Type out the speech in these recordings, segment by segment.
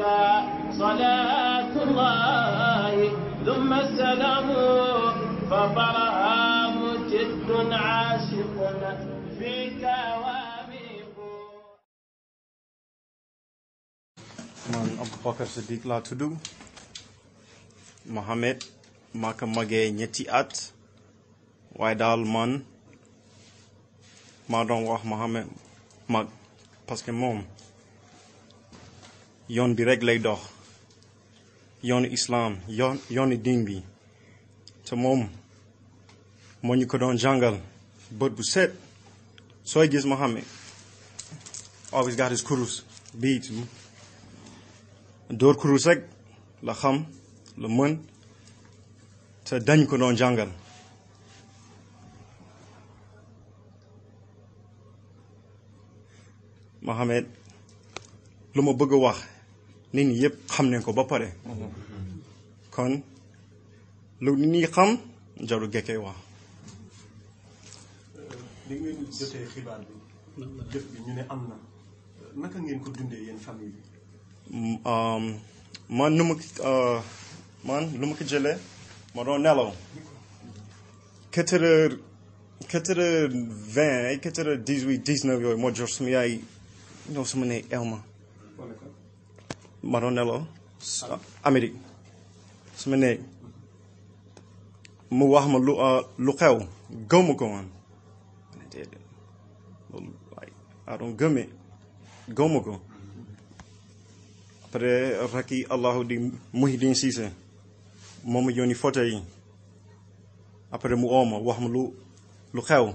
عليك صلاة الله ثم السلام فطرها مجد عاشق فيك واميق man Aboubacar Siddiq laa tudd Mohamed maa ko magee at waaye daal man maa doon wax mag parce que yoon bi rekk lay dox yoonu islam yoon yoonu diin bi te moom moo ko doon jàngal bët bu set sooy gis Mohammed always got his kurus biit dóor kurus rek la xam la mën te dañ ko doon jàngal Mohammed lu ma bëgg a wax nit ñi yëpp xam nañ ko ba pare kon lu nit ñi xam jarul gekkee wax li ngeen xibaar bi ko dundee yéen mm, um, man nu ma uh, man lu ma ko jëlee ma doon nelaw quatre heures quatre heures vingt ay quatre heures dix-huit yooyu moo jor suma yaay ñëw suma ne elma ma doon nelaw Amérique su ma néeg mu wax ma lu euh, lu xew gëw ma ko woon loolu waaye ah donc gëmme gëw ma ko après rakki allahu di Muhyiddin Cissé moom ma yónni photo yi après mu ooma wax ma lu lu xew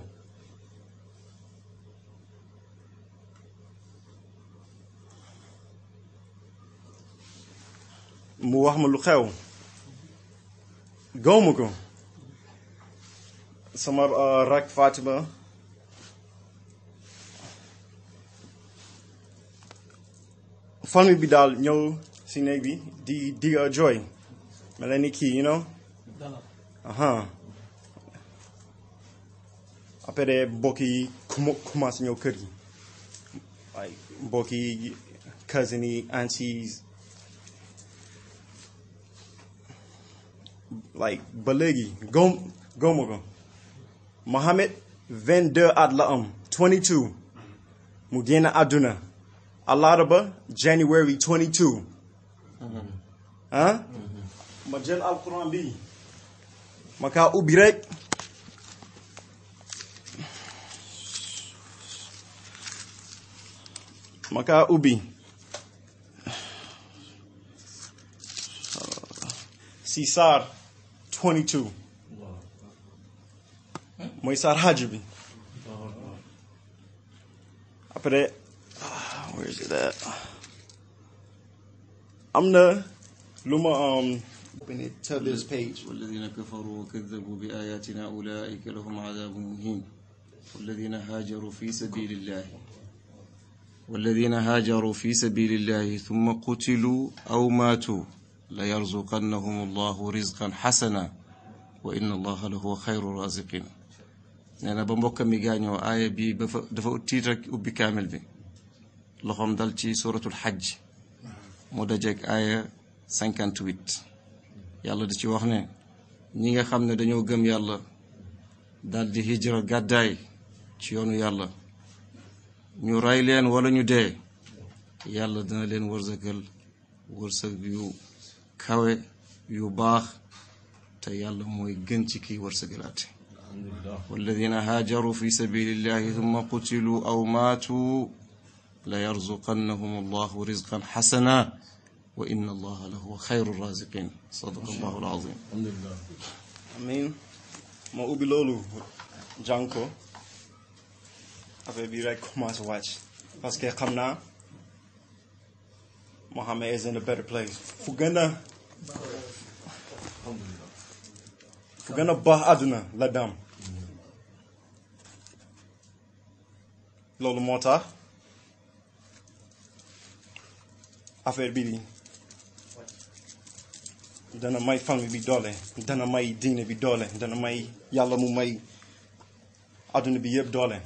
mu wax ma lu xew gaw ma ko sama uh, rak Fatima famille bi daal ñëw si néeg bi di di jooy mel na kii you know après mbokk yi commencé ñëw kër gi ay mbokk yi cousins yi aunties like ba léegi gom goma ko Mohamed la am 22 mu génn àdduna àllarba January 22 ah mm-hmm. mm-hmm. ma jël alquran bi ma kaa ubbi rek ma kaa ubbi si 22 mooy saar xaaju bi après am na lu ma Tabir's page والذين كفروا وكذبوا بآياتنا أولئك لهم عذاب مهين والذين هاجروا في سبيل الله والذين هاجروا في سبيل الله ثم قتلوا أو ماتوا la yarzuqannahum allahu rizqan xasana wa inna allaha la huwa xayru raziqin nee ba mbokka mi gaañoo aaya bi dafa dafa tiit rek ubbi kaamil bi loxoom dal ci suratul xajj mu dajeeg aaya 58 yàlla di ci wax ne ñi nga xam ne dañoo gëm yàlla dal di hijra gàddaay ci yoonu yàlla ñu rey leen wala ñu dee yàlla dina leen wërsëgal wërsëg yu kawe yu baax te yàlla mooy gën ci kiy wërsëgalaate walladina haajaru fi sabilillahi thumma qutiluu aw maatuu la yarzuqannahum allahu rizqan xasana wa inna allaha la huwa xayru raziqin sadaqa allahu alazim amin moo ubbi loolu jàng ko affaire bi rek commencé wàcc parce que xam naa Muhammad is in a better place. fu gën a fu gën a baax àdduna la dem loolu moo tax affaire bi dana may famille bi doole dana may diine bi doole dana may yàlla mu may àdduna bi yëpp doole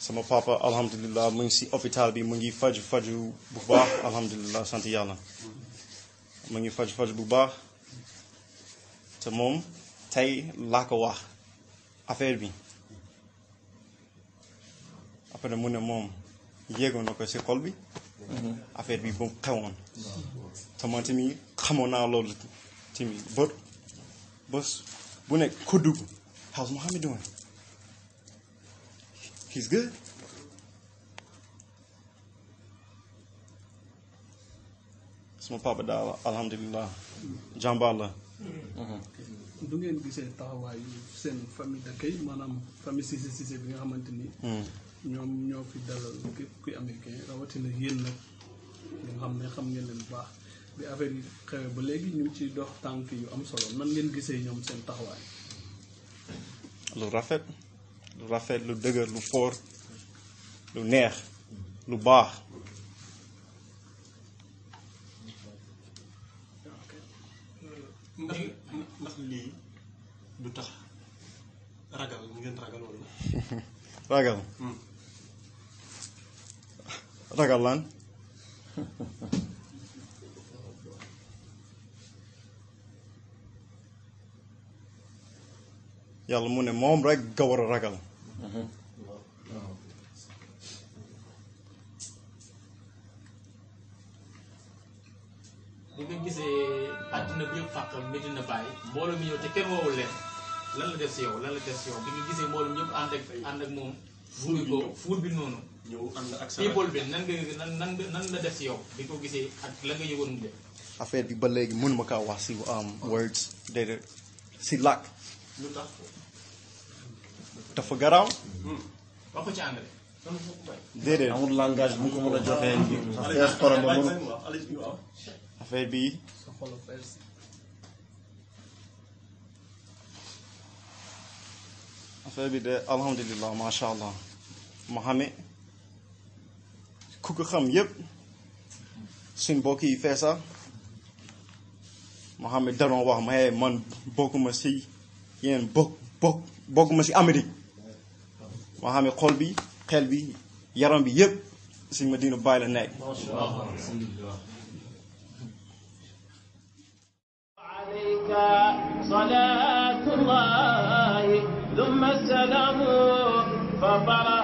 sama papa alhamdulilah mu ngi si hôpital bi mu ngi faju faju bu baax alhamdulilah sant yàlla mu ngi faj faj bu baax te moom tey laa ko wax affaire bi après mu ne moom yéegoon na ko si xol bi mhm. affaire bi bu xewoon te man tamit xamoon naa loolu tamit ba bu nekk ko dugg how's Mohammed doing He's good. suma papa daal alhamdulilah jàmbaar la. du ngeen gisee taxawaayu seen famille d'accueil maanaam famille Cissé Cissé bi nga xamante ni. Hmm. ñoom ñoo fi dalal képp kuy américain rawatina yéen nag nga xam ne xam ngeen leen bu baax bi affaire yi ba léegi ñu ngi ciy dox tànk yu am solo man ngeen gisee ñoom seen taxawaay. lu rafet. lu rafet lu dëgër lu foor lu neex lu baax ndax ndax lii du ragal ngeen ragal wala ragal hmm. ragal lan yàlla mu ne moom rek nga war a ragal li uh-huh. nga gisee àddina bi yëpp fàq Medina Baye mbooloo mi ñëw te kenn woowul leen lan la def si yow lan la def si yow bi nga gisee mbooloo mi ñëpp ak moom. fuur bi noonu. ñëw ànd ak sa people bi la def si yow bi ko gisee ak la nga yëgoon bi ba léegi mënuma kaa wax si um, words déedéet si làkk. dafa garaaw. Hmm. wax ko ci anglais. déedéet amul langage bu bi affaire bi de alhamdulilah macha allah Mouhamed ku ko xam yépp suñ mbokk wax ma man bokkuma si yéen bokk moo xam ne xol bi xel bi yaram bi yëpp sëñ Madina Baay la nekk صلاة الله ثم السلام فطلع